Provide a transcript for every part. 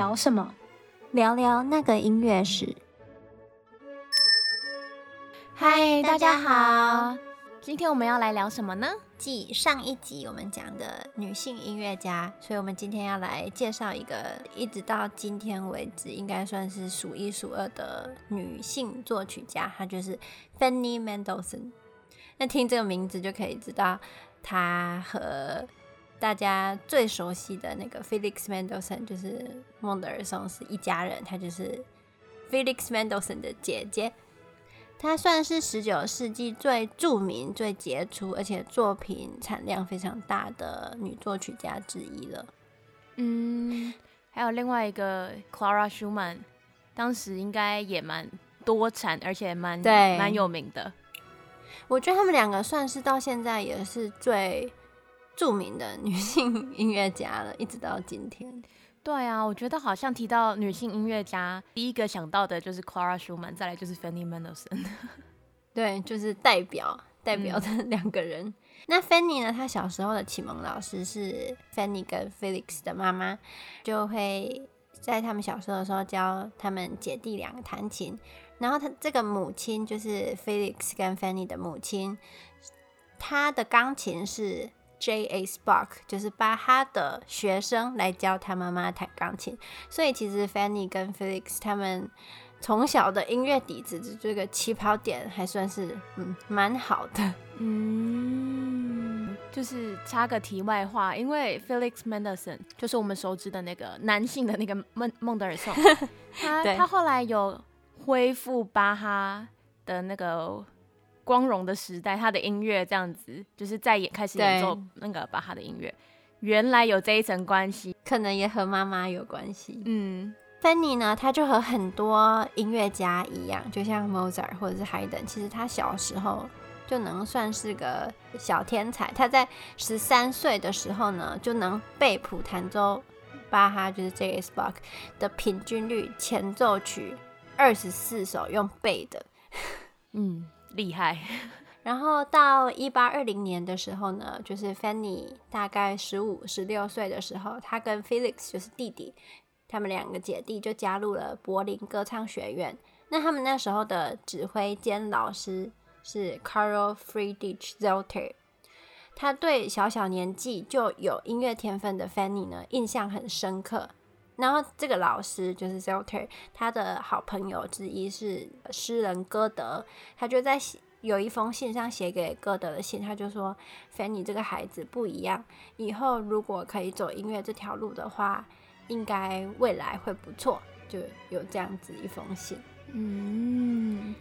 聊什麼？聊聊那個音樂史。嗨，大家好，今天我們要來聊什麼呢？繼上一集我們講的女性音樂家，所以我們今天要來介紹一個，一直到今天為止應該算是數一數二的女性作曲家，她就是 Fanny Mendelssohn。那聽這個名字就可以知道，她和大家最熟悉的那個 Felix Mendelssohn 就是孟德爾松，是一家人。她就是 Felix Mendelssohn 的姐姐，她算是十九世紀最著名、最傑出，而且作品產量非常大的女作曲家之一了。嗯，還有另外一個 Clara Schumann，當時應該也蠻多產，而且蠻對，蠻有名的。我覺得他們兩個算是到現在也是最。著名的女性音樂家了，一直到今天。嗯。對啊，我覺得好像提到女性音樂家，第一個想到的就是 Clara Schumann，再來就是 Fanny Mendelssohn 對，就是代表代表的兩個人。嗯。那 Fanny 呢？她小時候的啟蒙老師是 Fanny 跟 Felix 的媽媽，就會在他們小時候的時候教他們姐弟兩個彈琴。然後她這個母親就是 Felix 跟 Fanny 的母親，她的鋼琴是。J. A. Spock 就是巴哈的學生，來教他媽媽彈鋼琴。所以其實 Fanny 跟 Felix 他們從小的音樂底子，就這個起跑點還算是嗯蠻好的。嗯，就是插個題外話，因為 Felix Mendelssohn 就是我們熟知的那個男性的那個孟孟德爾頌， 他他後來有恢復巴哈的那個。光榮的時代，他的音樂這樣子，就是在也開始演奏那個巴哈的音樂，原來有這一層關係，可能也和媽媽有關係。嗯，芬妮呢，他就和很多音樂家一樣，就像莫札特或者是海頓，其實他小時候就能算是個小天才。他在十三歲的時候呢，就能背譜彈奏巴哈就是 J.S. Bach 的平均律前奏曲二十四首用背的，嗯。厲害。然後到一八二零年的時候呢，就是 Fanny 大概十五、十六歲的時候，他跟 Felix 就是弟弟，他們兩個姐弟就加入了柏林歌唱學院。那他們那時候的指揮兼老師是 Carl Friedrich Zelter，他對小小年紀就有音樂天分的 Fanny 呢，印象很深刻。然後這個老師就是 Zelter，他的好朋友之一是詩人歌德，他就在寫，有一封信上寫給歌德的信，他就說：“Fanny 這個孩子不一樣，以後如果可以走音樂這條路的話，應該未來會不錯。”就有這樣子一封信，嗯，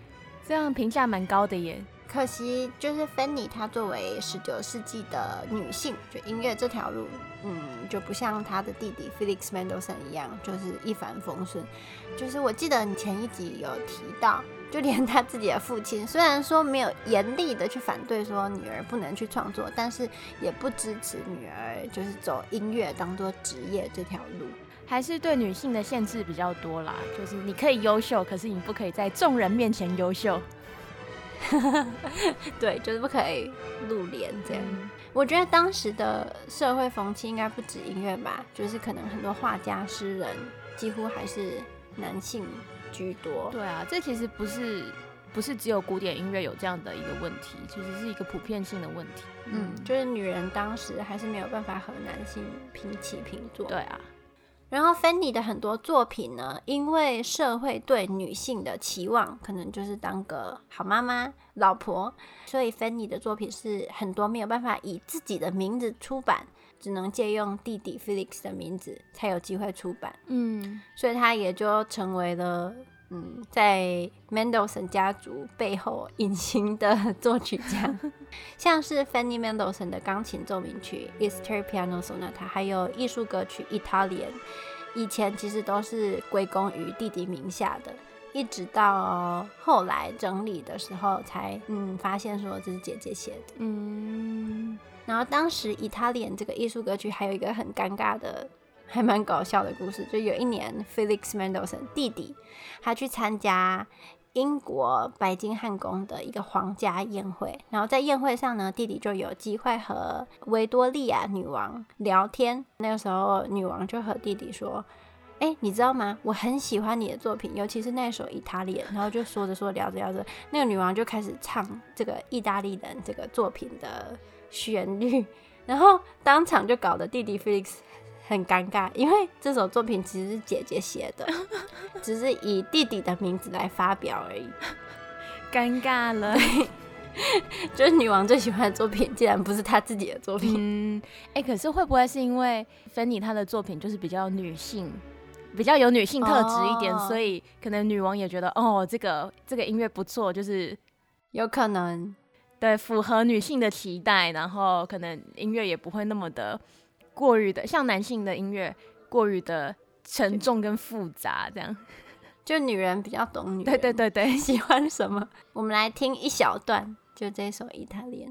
這樣評價蠻高的耶。可惜就是芬妮，她作為十九世紀的女性，就音樂這條路，嗯，就不像她的弟弟 Felix Mendelssohn 一樣，就是一帆風順。就是我記得你前一集有提到，就連她自己的父親，雖然說沒有嚴厲的去反對說女兒不能去創作，但是也不支持女兒就是走音樂當做職業這條路，還是對女性的限制比較多啦。就是你可以優秀，可是你不可以在眾人面前優秀。 對，就是不可以露臉這樣。嗯。我覺得當時的社會風氣應該不止音樂吧，就是可能很多畫家、詩人幾乎還是男性居多。對啊，這其實不是，不是只有古典音樂有這樣的一個問題，其實是一個普遍性的問題。嗯，就是女人當時還是沒有辦法和男性平起平坐。對啊。然後 Fanny 的很多作品呢，因為社會對女性的期望可能就是當個好媽媽、老婆，所以 Fanny 的作品是很多沒有辦法以自己的名字出版，只能借用弟弟 Felix 的名字才有機會出版。嗯，所以他也就成為了。嗯，在 Mendelssohn 家族背後隱形的作曲家， 像是 Fanny Mendelssohn 的鋼琴奏鳴曲 Easter Piano Sonata，還有藝術歌曲 Italian，以前其實都是歸功於弟弟名下的，一直到後來整理的時候才，才嗯發現說這是姐姐寫的。 嗯，然後當時 Italian 這個藝術歌曲還有一個很尷尬的。還蠻搞笑的故事，就有一年 ，Felix Mendelssohn 弟弟，他去參加英國白金漢宮的一個皇家宴會，然後在宴會上呢，弟弟就有機會和維多利亞女王聊天。那個時候，女王就和弟弟說：“哎、欸，你知道嗎？我很喜歡你的作品，尤其是那首《意大利》。”然後就說着說着聊着聊着，那個女王就開始唱這個《意大利人》這個作品的旋律，然後當場就搞得弟弟 Felix。很尷尬，因為這首作品其實是姐姐寫的，只是以弟弟的名字來發表而已。尷尬了， 就是女王最喜歡的作品，竟然不是她自己的作品。嗯，哎、欸，可是會不會是因為芬妮她的作品就是比較女性，比較有女性特質一點，哦，所以可能女王也覺得哦，這個這個音樂不錯，就是有可能對符合女性的期待，然後可能音樂也不會那麼的。過於的像男性的音樂，過於的沉重跟複雜，這樣 就女人比較懂女。對對對對，喜歡什麼？我們來聽一小段，就這一首《意大利》。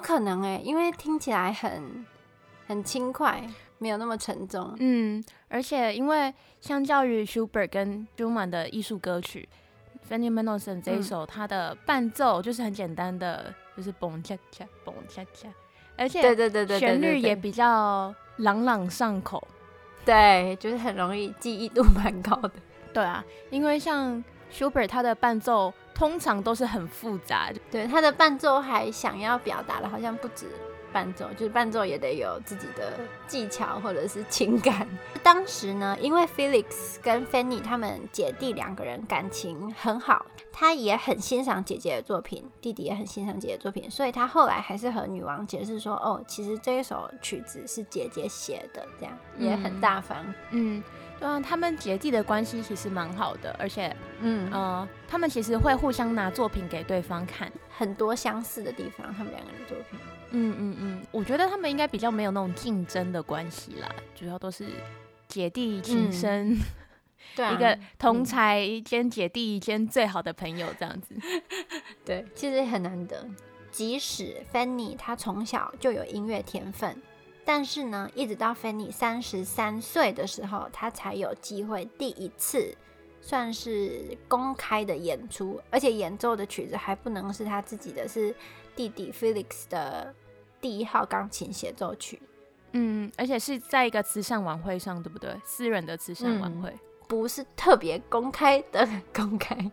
不可能哎、欸，因為聽起來很很輕快，沒有那麼沉重。嗯，而且因為相較於 Schubert 跟 Schumann 的藝術歌曲 ，Fanny Mendelssohn 這一首，它的伴奏就是很簡單的，嗯、就是嘣恰恰嘣恰恰，而且旋律也比較朗朗上口對對對對對對對，對，就是很容易記憶度蠻高的。 對啊，因為像 Schubert 它的伴奏。通常都是很複雜的，對，他的伴奏還想要表達的，好像不止伴奏，就是伴奏也得有自己的技巧或者是情感。當時呢，因為 Felix 跟 Fanny 他們姐弟兩個人感情很好，他也很欣賞姐姐的作品，弟弟也很欣賞姐姐的作品，所以他後來還是和女王解釋說，哦，其實這一首曲子是姐姐寫的，這樣也很大方，嗯。嗯對啊，他們姐弟的關係其實蠻好的，而且，嗯、呃、他們其實會互相拿作品給對方看，很多相似的地方，他們兩個人的作品，嗯嗯嗯，我覺得他們應該比較沒有那種競爭的關係啦，主要都是姐弟情深，嗯、 對、啊，一個同才兼姐弟兼最好的朋友這樣子，嗯、 對，其實很難得，即使 Fanny 她從小就有音樂天分。但是呢，一直到 Fanny 三十三歲的時候，他才有機會第一次算是公開的演出，而且演奏的曲子還不能是他自己的，是弟弟 Felix 的第一號鋼琴協奏曲。嗯，而且是在一個慈善晚會上，對不對？私人的慈善晚會，嗯、不是特別公開的， 公開，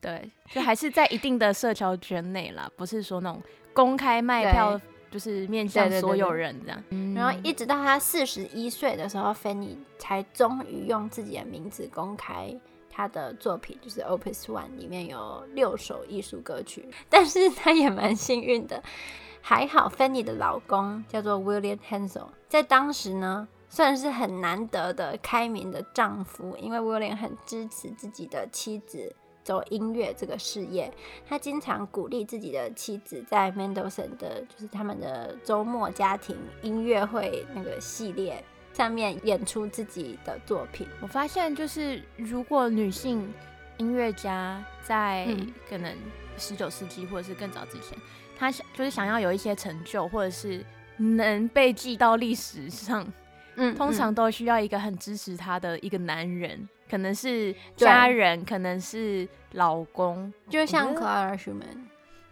對，就還是在一定的社交圈內啦。不是說那種公開賣票。就是面向所有人這樣，嗯、然後一直到他四十一歲的時候，Fanny 才終於用自己的名字公開他的作品，就是 Opus One 裡面有六首藝術歌曲。但是他也蠻幸運的，還好 Fanny 的老公叫做 William Hensel，在當時呢算是很難得的開明的丈夫，因為 William 很支持自己的妻子。走音樂這個事業，他經常鼓勵自己的妻子在 Mendelssohn 的就是他們的周末家庭音樂會那個系列上面演出自己的作品。我發現，就是如果女性音樂家在可能十九世紀或者是更早之前，嗯，她想就是想要有一些成就或者是能被記到歷史上，嗯，通常都需要一個很支持她的一個男人。可能是家人，可能是老公，就像 Clara Schumann，、嗯、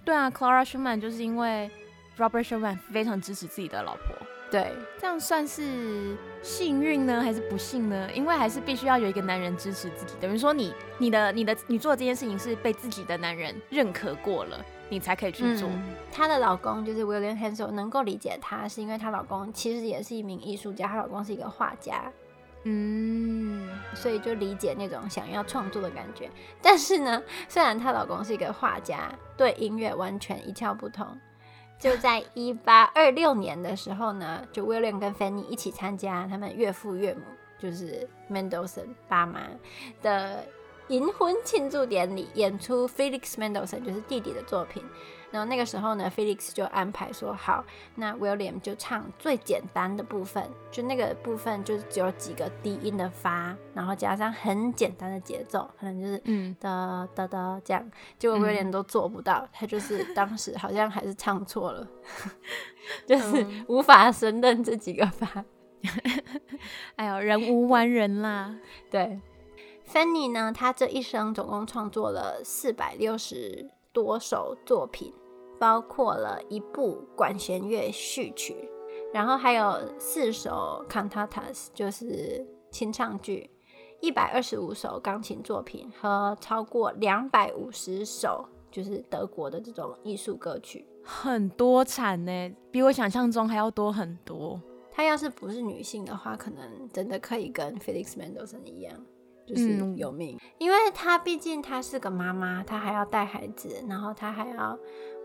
對啊，Clara Schumann 就是因為 Robert Schumann 非常支持自己的老婆，對，這樣算是幸運呢，嗯，還是不幸呢？因為還是必須要有一個男人支持自己，等於說你、你的、你的、你做的這件事情是被自己的男人認可過了，你才可以去做。她，嗯、的老公就是 William Hansel 能夠理解她，是因為她老公其實也是一名藝術家，她老公是一個畫家。嗯，所以就理解那種想要創作的感覺。但是呢，雖然她老公是一個畫家，對音樂完全一竅不通。就在一八二六年的時候呢，就 William 跟 Fanny 一起參加他們岳父岳母，就是 Mendelssohn 爸媽的銀婚慶祝典禮，演出 Felix Mendelssohn，就是弟弟的作品。然後那個時候呢，Felix 就安排說好，那 William 就唱最簡單的部分，就那個部分就只有幾個低音的發，然後加上很簡單的節奏，可能就是噠噠噠這樣，嗯。結果 William 都做不到，嗯，他就是當時好像還是唱錯了， 就是無法承認這幾個發。 哎呦，人無完人啦。對，Fanny 呢，他這一生總共創作了四百六十。多首作品，包括了一部管弦樂序曲，然後還有四首 Cantatas, 就是清唱劇，一百二十五首鋼琴作品和超過兩百五十首就是德國的這種藝術歌曲，很多產呢，比我想象中還要多很多。她要是不是女性的話，可能真的可以跟 Felix Mendelssohn 一樣。就是有命，嗯、因為她畢竟她是個媽媽，她還要帶孩子，然後她還要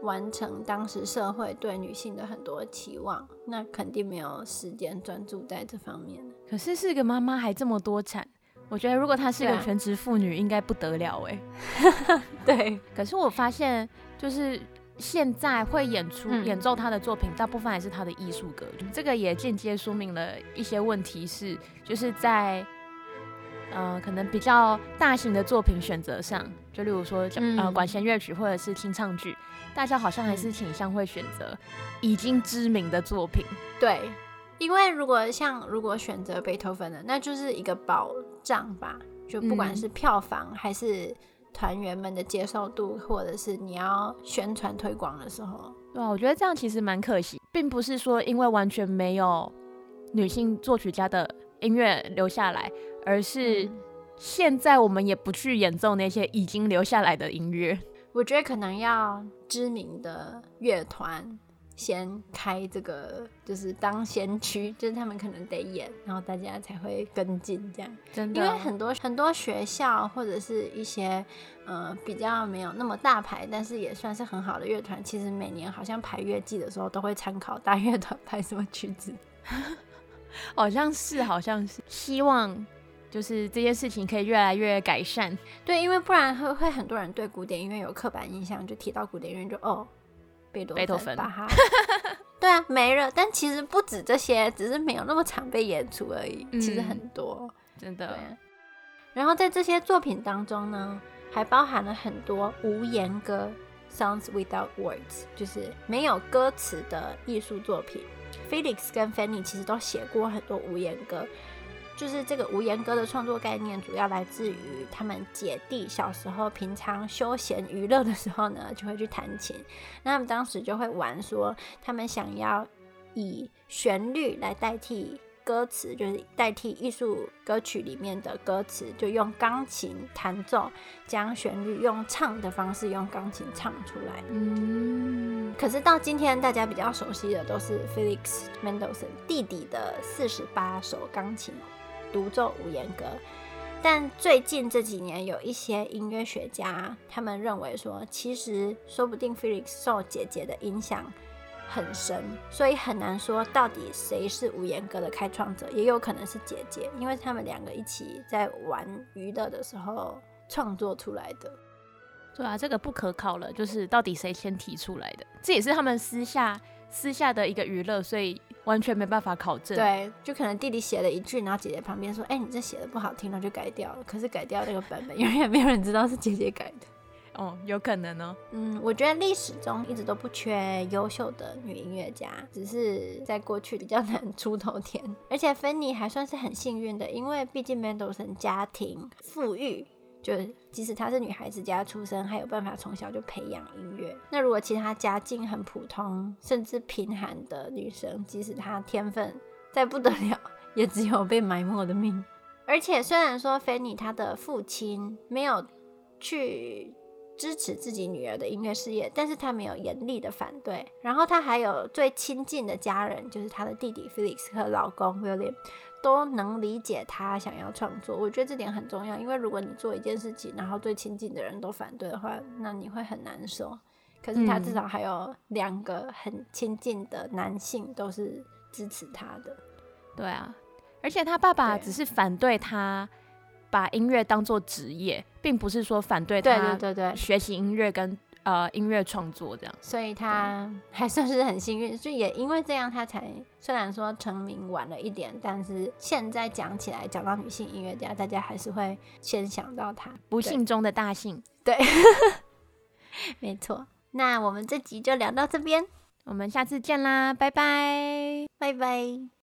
完成當時社會對女性的很多的期望，那肯定沒有時間專注在這方面。可是是個媽媽還這麼多產，我覺得如果她是個全職婦女，啊、應該不得了哎、欸。 對。 可是我發現，就是現在會演出演奏她的作品、嗯，大部分還是她的藝術歌，這個也間接說明了一些問題，是就是在。呃，可能比較大型的作品選擇上，就例如說講、嗯，呃，管弦樂曲或者是清唱劇、嗯，大家好像還是傾向會選擇已經知名的作品。對，因為如果像如果選擇貝多芬的，那就是一個保障吧，就不管是票房還是團員們的接受度，嗯、或者是你要宣傳推廣的時候。對、啊，我覺得這樣其實蠻可惜，並不是說因為完全沒有女性作曲家的音樂留下來。而是現在我們也不去演奏那些已經留下來的音樂、嗯。我覺得可能要知名的樂團先開這個，就是當先驅，就是他們可能得演，然後大家才會跟進。這樣真的，因為很多很多學校或者是一些呃比較沒有那麼大牌，但是也算是很好的樂團，其實每年好像排樂季的時候都會參考大樂團排什麼曲子， 好像是，好像是，是希望。就是這件事情可以越來越改善，對，因為不然會會很多人對古典音樂有刻板印象，就提到古典音樂就哦，貝多芬，吧。哈， 對啊，沒了。但其實不止這些，只是沒有那麼常被演出而已、嗯。其實很多，真的對、啊。然後在這些作品當中呢，還包含了很多無言歌 s o u n d s without words），就是沒有歌詞的藝術作品。Felix 跟 Fanny 其實都寫過很多無言歌。就是這個無言歌的創作概念，主要來自於他們姐弟小時候平常休閒娛樂的時候呢，就會去彈琴。那他們當時就會玩說，說他們想要以旋律來代替歌詞，就是代替藝術歌曲裡面的歌詞，就用鋼琴彈奏，將旋律用唱的方式，用鋼琴唱出來。嗯，可是到今天大家比較熟悉的都是 Felix Mendelssohn 弟弟的四十八首鋼琴。獨奏無言歌，但最近這幾年有一些音樂學家，他們認為說，其實說不定 Felix 受姐姐的影響很深，所以很難說到底誰是無言歌的開創者，也有可能是姐姐，因為他們兩個一起在玩娛樂的時候創作出來的。對啊，這個不可考了，就是到底誰先提出來的，這也是他們私下。私下的一個娛樂，所以完全沒辦法考證。對，就可能弟弟寫了一句，然後姐姐旁邊說：“哎、欸，你這寫的不好聽，然後就改掉了。”可是改掉這個版本， 永遠沒有人知道是姐姐改的。哦，有可能哦。嗯，我覺得歷史中一直都不缺優秀的女音樂家，只是在過去比較難出頭天。而且芬妮還算是很幸運的，因為畢竟 Mendelssohn 家庭富裕。就即使她是女孩子家出生，還有辦法從小就培養音樂。那如果其他家境很普通，甚至貧寒的女生，即使她天分再不得了，也只有被埋沒的命。而且雖然說 Fanny 她的父親沒有去支持自己女兒的音樂事業，但是她沒有嚴厲的反對。然後她還有最親近的家人，就是她的弟弟 Felix 和老公 William。都能理解他想要創作，我覺得這點很重要。因為如果你做一件事情，然後最親近的人都反對的話，那你會很難受。可是他至少還有兩個很親近的男性都是支持他的。嗯，對啊。而且他爸爸只是反對他把音樂當做職業，並不是說反對他對對對學習音樂跟。呃，音樂創作這樣，所以他還算是很幸運，所以也因為這樣，他才雖然說成名晚了一點，但是現在講起來，講到女性音樂家，大家還是會先想到她，不幸中的大幸，對，對 沒錯。那我們這集就聊到這邊，我們下次見啦，拜拜，拜拜。